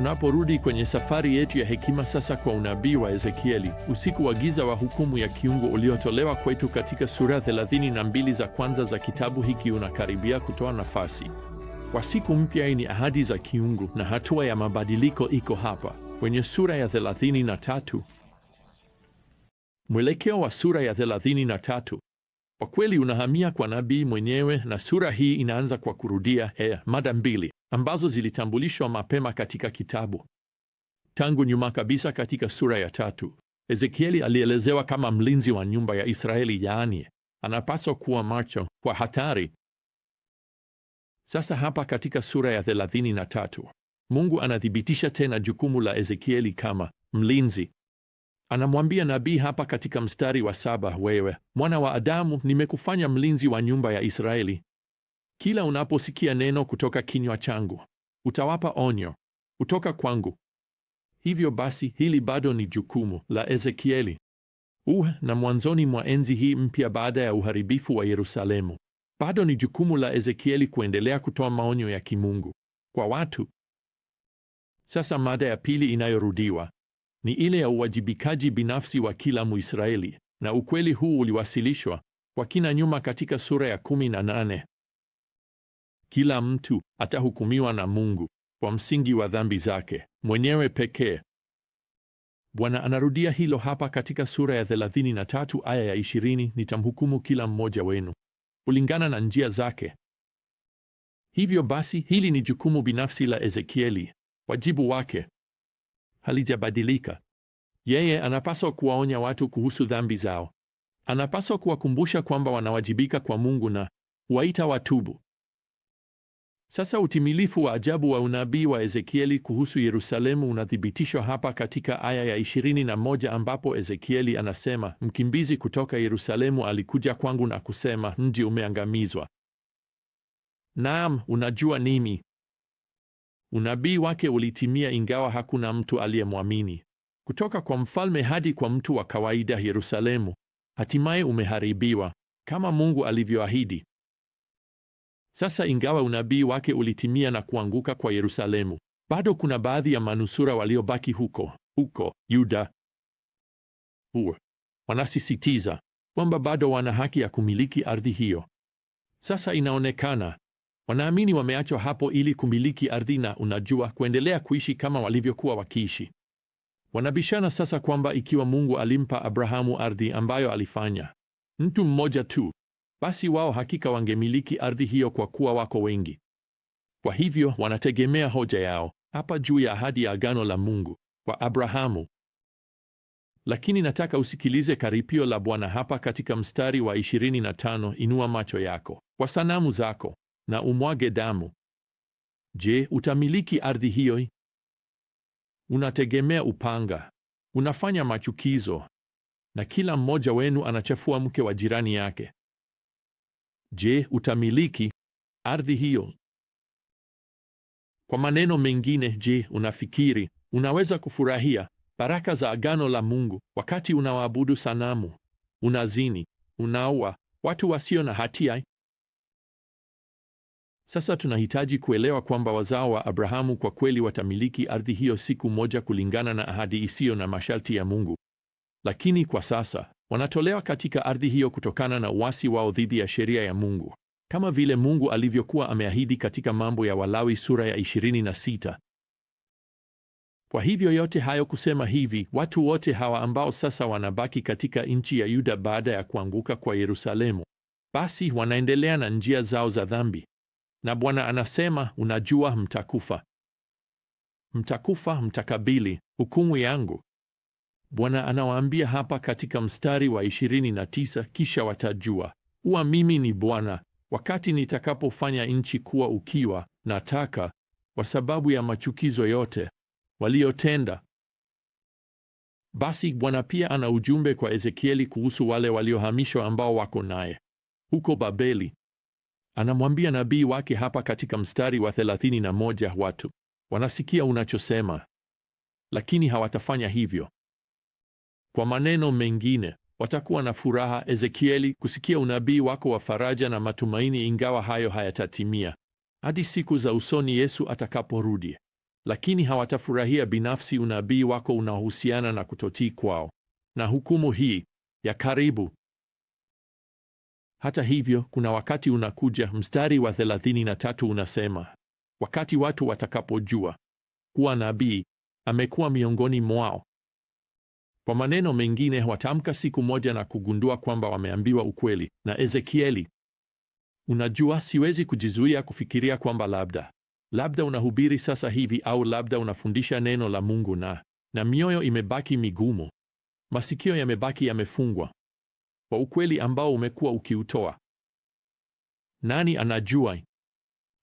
Tunaporudi kwenye safari yetu ya hekima sasa kwa unabii wa Ezekieli, usiku wa giza wa hukumu ya kiungu uliotolewa kwetu katika sura 32 za kwanza za kitabu hiki unakaribia kutoa nafasi kwa siku mpya yenye ahadi za kiungu, na hatua ya mabadiliko iko hapa kwenye sura ya 33. Mwelekeo wa sura ya 33 kwa kweli unahamia kwa nabii mwenyewe, na sura hii inaanza kwa kurudia eh, mada mbili ambazo zilitambulishwa mapema katika kitabu. Tangu nyuma kabisa, katika sura ya tatu, Ezekieli alielezewa kama mlinzi wa nyumba ya Israeli, yaani anapaswa kuwa macho kwa hatari. Sasa hapa katika sura ya thelathini na tatu Mungu anathibitisha tena jukumu la Ezekieli kama mlinzi. Anamwambia nabii hapa katika mstari wa saba, wewe mwana wa Adamu, nimekufanya mlinzi wa nyumba ya Israeli kila unaposikia neno kutoka kinywa changu, utawapa onyo kutoka kwangu. Hivyo basi, hili bado ni jukumu la Ezekieli. Uh, na mwanzoni mwa enzi hii mpya baada ya uharibifu wa Yerusalemu, bado ni jukumu la Ezekieli kuendelea kutoa maonyo ya kimungu kwa watu. Sasa mada ya pili inayorudiwa ni ile ya uwajibikaji binafsi wa kila muisraeli na ukweli huu uliwasilishwa kwa kina nyuma katika sura ya 18 kila mtu atahukumiwa na Mungu kwa msingi wa dhambi zake mwenyewe pekee. Bwana anarudia hilo hapa katika sura ya 33 aya ya 20, nitamhukumu kila mmoja wenu kulingana na njia zake. Hivyo basi, hili ni jukumu binafsi la Ezekieli. Wajibu wake halijabadilika. Yeye anapaswa kuwaonya watu kuhusu dhambi zao, anapaswa kuwakumbusha kwamba wanawajibika kwa Mungu na kuwaita watubu. Sasa utimilifu wa ajabu wa unabii wa Ezekieli kuhusu Yerusalemu unathibitishwa hapa katika aya ya 21 ambapo Ezekieli anasema, mkimbizi kutoka Yerusalemu alikuja kwangu na kusema, mji umeangamizwa. Naam, unajua nini? Unabii wake ulitimia ingawa hakuna mtu aliyemwamini. Kutoka kwa mfalme hadi kwa mtu wa kawaida, Yerusalemu hatimaye umeharibiwa kama Mungu alivyoahidi. Sasa ingawa unabii wake ulitimia na kuanguka kwa Yerusalemu, bado kuna baadhi ya manusura waliobaki huko huko Yuda. Huo wanasisitiza kwamba bado wana haki ya kumiliki ardhi hiyo. Sasa inaonekana wanaamini wameachwa hapo ili kumiliki ardhi na, unajua, kuendelea kuishi kama walivyokuwa wakiishi. Wanabishana sasa kwamba ikiwa Mungu alimpa Abrahamu ardhi ambayo alifanya mtu mmoja tu basi wao hakika wangemiliki ardhi hiyo kwa kuwa wako wengi. Kwa hivyo wanategemea hoja yao hapa juu ya ahadi ya agano la Mungu kwa Abrahamu. Lakini nataka usikilize karipio la Bwana hapa katika mstari wa 25: inua macho yako kwa sanamu zako na umwage damu. Je, utamiliki ardhi hiyo? Unategemea upanga, unafanya machukizo, na kila mmoja wenu anachafua mke wa jirani yake. Je, utamiliki ardhi hiyo? Kwa maneno mengine, je, unafikiri unaweza kufurahia baraka za agano la Mungu wakati unawaabudu sanamu, unazini, unaua watu wasio na hatia? Sasa tunahitaji kuelewa kwamba wazao wa Abrahamu kwa kweli watamiliki ardhi hiyo siku moja kulingana na ahadi isiyo na masharti ya Mungu. Lakini kwa sasa wanatolewa katika ardhi hiyo kutokana na uasi wao dhidi ya sheria ya Mungu, kama vile Mungu alivyokuwa ameahidi katika Mambo ya Walawi sura ya 26. Kwa hivyo yote hayo kusema hivi, watu wote hawa ambao sasa wanabaki katika nchi ya Yuda baada ya kuanguka kwa Yerusalemu, basi wanaendelea na njia zao za dhambi, na Bwana anasema, unajua, mtakufa, mtakufa, mtakabili hukumu yangu. Bwana anawaambia hapa katika mstari wa 29, kisha watajua uwa mimi ni Bwana wakati nitakapofanya nchi kuwa ukiwa na taka kwa sababu ya machukizo yote waliotenda. Basi Bwana pia ana ujumbe kwa Ezekieli kuhusu wale waliohamishwa ambao wako naye huko Babeli. Anamwambia nabii wake hapa katika mstari wa 31, watu wanasikia unachosema, lakini hawatafanya hivyo. Kwa maneno mengine, watakuwa na furaha, Ezekieli, kusikia unabii wako wa faraja na matumaini, ingawa hayo hayatatimia hadi siku za usoni Yesu atakaporudi. Lakini hawatafurahia binafsi unabii wako unaohusiana na kutotii kwao na hukumu hii ya karibu. Hata hivyo, kuna wakati unakuja, mstari wa 33 unasema, wakati watu watakapojua kuwa nabii amekuwa miongoni mwao kwa maneno mengine, watamka siku moja na kugundua kwamba wameambiwa ukweli na Ezekieli. Unajua, siwezi kujizuia kufikiria kwamba labda labda unahubiri sasa hivi au labda unafundisha neno la Mungu na na mioyo imebaki migumu, masikio yamebaki yamefungwa kwa ukweli ambao umekuwa ukiutoa. Nani anajua?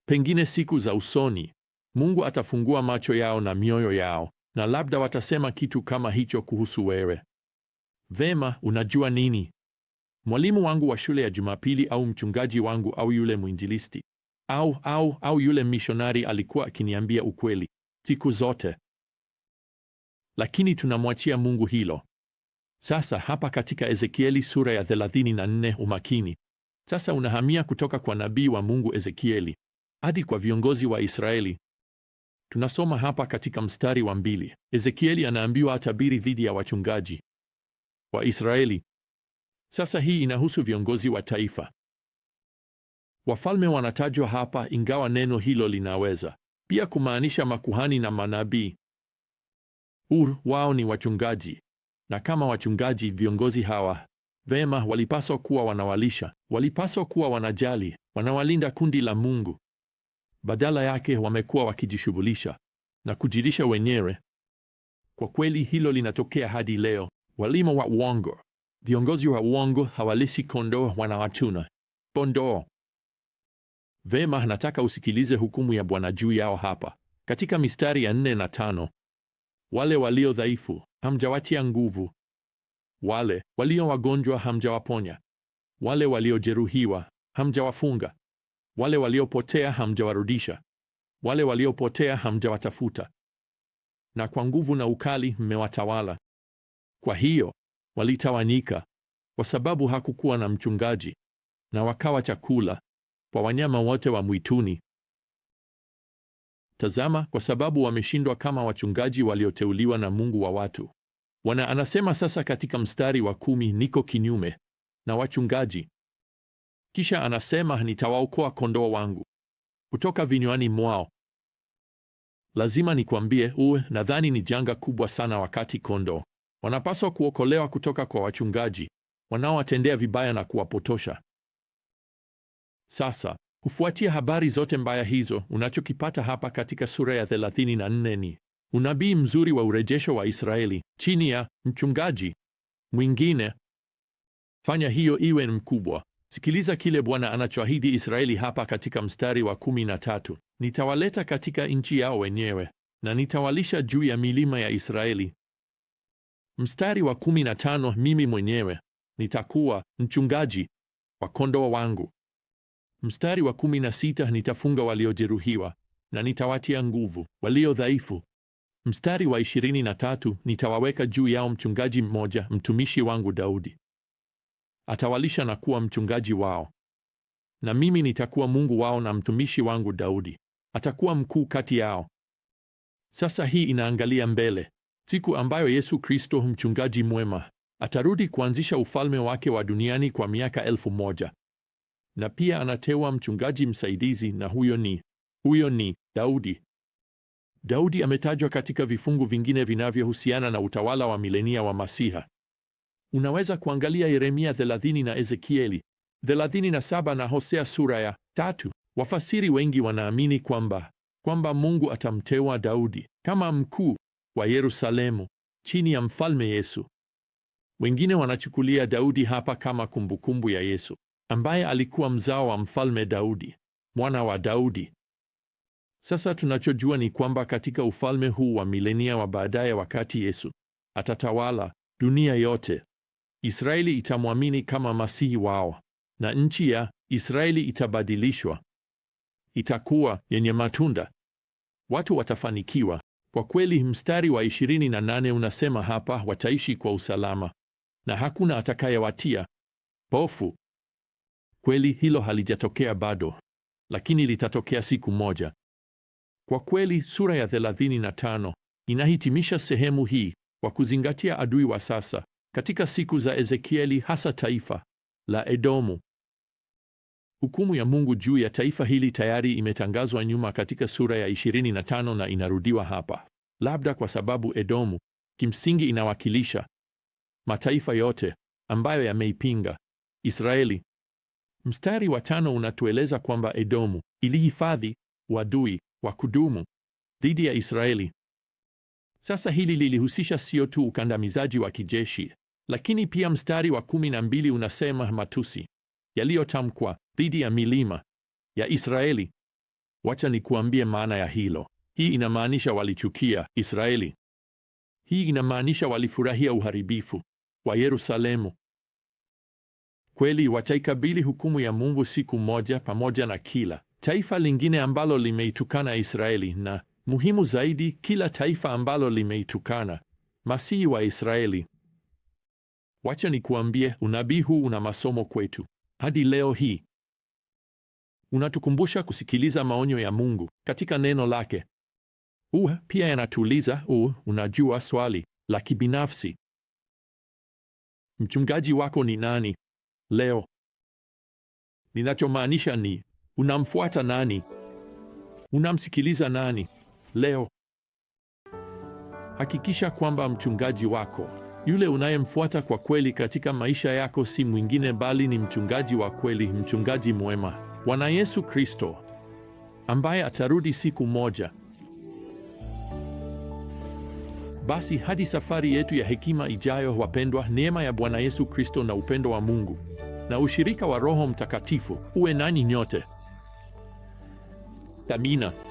Pengine siku za usoni Mungu atafungua macho yao na mioyo yao na labda watasema kitu kama hicho kuhusu wewe. Vema, unajua nini? Mwalimu wangu wa shule ya Jumapili au mchungaji wangu au yule mwinjilisti au au au yule mishonari alikuwa akiniambia ukweli siku zote. Lakini tunamwachia Mungu hilo. Sasa hapa katika Ezekieli sura ya 34, umakini sasa unahamia kutoka kwa nabii wa Mungu Ezekieli hadi kwa viongozi wa Israeli Tunasoma hapa katika mstari wa mbili, Ezekieli anaambiwa atabiri dhidi ya wachungaji wa Israeli. Sasa hii inahusu viongozi wa taifa. Wafalme wanatajwa hapa, ingawa neno hilo linaweza pia kumaanisha makuhani na manabii. Ur wao ni wachungaji, na kama wachungaji, viongozi hawa vema walipaswa kuwa wanawalisha, walipaswa kuwa wanajali, wanawalinda kundi la Mungu badala yake wamekuwa wakijishughulisha na kujilisha wenyewe. Kwa kweli hilo linatokea hadi leo. Walimu wa uongo, viongozi wa uongo hawalisi kondoo, wanawatuna pondoo. Vema, nataka usikilize hukumu ya Bwana juu yao hapa katika mistari ya nne na tano. Wale walio dhaifu hamjawatia nguvu, wale walio wagonjwa hamjawaponya, wale waliojeruhiwa hamjawafunga, wale waliopotea hamjawarudisha, wale waliopotea hamjawatafuta, na kwa nguvu na ukali mmewatawala. Kwa hiyo walitawanyika, kwa sababu hakukuwa na mchungaji, na wakawa chakula kwa wanyama wote wa mwituni. Tazama, kwa sababu wameshindwa kama wachungaji walioteuliwa na Mungu wa watu. Bwana anasema sasa katika mstari wa kumi, niko kinyume na wachungaji kisha anasema nitawaokoa kondoo wangu kutoka vinywani mwao. Lazima nikwambie, uwe nadhani ni janga kubwa sana wakati kondoo wanapaswa kuokolewa kutoka kwa wachungaji wanaowatendea vibaya na kuwapotosha. Sasa kufuatia habari zote mbaya hizo, unachokipata hapa katika sura ya 34 ni unabii mzuri wa urejesho wa Israeli chini ya mchungaji mwingine. Fanya hiyo iwe mkubwa Sikiliza kile Bwana anachoahidi Israeli hapa katika mstari wa kumi na tatu: nitawaleta katika nchi yao wenyewe na nitawalisha juu ya milima ya Israeli. Mstari wa kumi na tano: mimi mwenyewe nitakuwa mchungaji wa kondoo wangu. Mstari wa kumi na sita: nitafunga waliojeruhiwa na nitawatia nguvu walio dhaifu. Mstari wa ishirini na tatu: nitawaweka juu yao mchungaji mmoja, mtumishi wangu Daudi atawalisha na kuwa mchungaji wao, na mimi nitakuwa Mungu wao, na mtumishi wangu Daudi atakuwa mkuu kati yao. Sasa hii inaangalia mbele, siku ambayo Yesu Kristo mchungaji mwema atarudi kuanzisha ufalme wake wa duniani kwa miaka elfu moja na pia anatewa mchungaji msaidizi, na huyo ni huyo ni Daudi. Daudi ametajwa katika vifungu vingine vinavyohusiana na utawala wa milenia wa Masiha. Unaweza kuangalia Yeremia 30 na Ezekieli 37 na Hosea sura ya tatu. Wafasiri wengi wanaamini kwamba kwamba Mungu atamteua Daudi kama mkuu wa Yerusalemu chini ya mfalme Yesu. Wengine wanachukulia Daudi hapa kama kumbukumbu ya Yesu ambaye alikuwa mzao wa mfalme Daudi, mwana wa Daudi. Sasa tunachojua ni kwamba katika ufalme huu wa milenia wa baadaye, wakati Yesu atatawala dunia yote, Israeli itamwamini kama masihi wao, na nchi ya Israeli itabadilishwa, itakuwa yenye matunda, watu watafanikiwa. Kwa kweli, mstari wa 28 unasema hapa, wataishi kwa usalama na hakuna atakayewatia pofu Kweli hilo halijatokea bado, lakini litatokea siku moja. Kwa kweli, sura ya 35 inahitimisha sehemu hii kwa kuzingatia adui wa sasa katika siku za Ezekieli, hasa taifa la Edomu, hukumu ya Mungu juu ya taifa hili tayari imetangazwa nyuma katika sura ya 25 na inarudiwa hapa, labda kwa sababu Edomu kimsingi inawakilisha mataifa yote ambayo yameipinga Israeli. Mstari wa tano unatueleza kwamba Edomu ilihifadhi wadui wa kudumu dhidi ya Israeli. Sasa hili lilihusisha sio tu ukandamizaji wa kijeshi, lakini pia mstari wa kumi na mbili unasema matusi yaliyotamkwa dhidi ya milima ya Israeli. Wacha nikuambie maana ya hilo. Hii inamaanisha walichukia Israeli. Hii inamaanisha walifurahia uharibifu wa Yerusalemu. Kweli wataikabili hukumu ya Mungu siku moja pamoja na kila taifa lingine ambalo limeitukana Israeli na muhimu zaidi, kila taifa ambalo limeitukana Masihi wa Israeli. Wacha nikuambie, unabii huu una masomo kwetu hadi leo hii. Unatukumbusha kusikiliza maonyo ya Mungu katika neno lake. Huu pia yanatuuliza u unajua, swali la kibinafsi: mchungaji wako ni nani leo? Ninachomaanisha ni unamfuata nani? Unamsikiliza nani leo? Hakikisha kwamba mchungaji wako yule unayemfuata kwa kweli katika maisha yako si mwingine bali ni mchungaji wa kweli, mchungaji mwema, Bwana Yesu Kristo, ambaye atarudi siku moja. Basi hadi safari yetu ya hekima ijayo, wapendwa, neema ya Bwana Yesu Kristo na upendo wa Mungu na ushirika wa Roho Mtakatifu uwe nani nyote. Amina.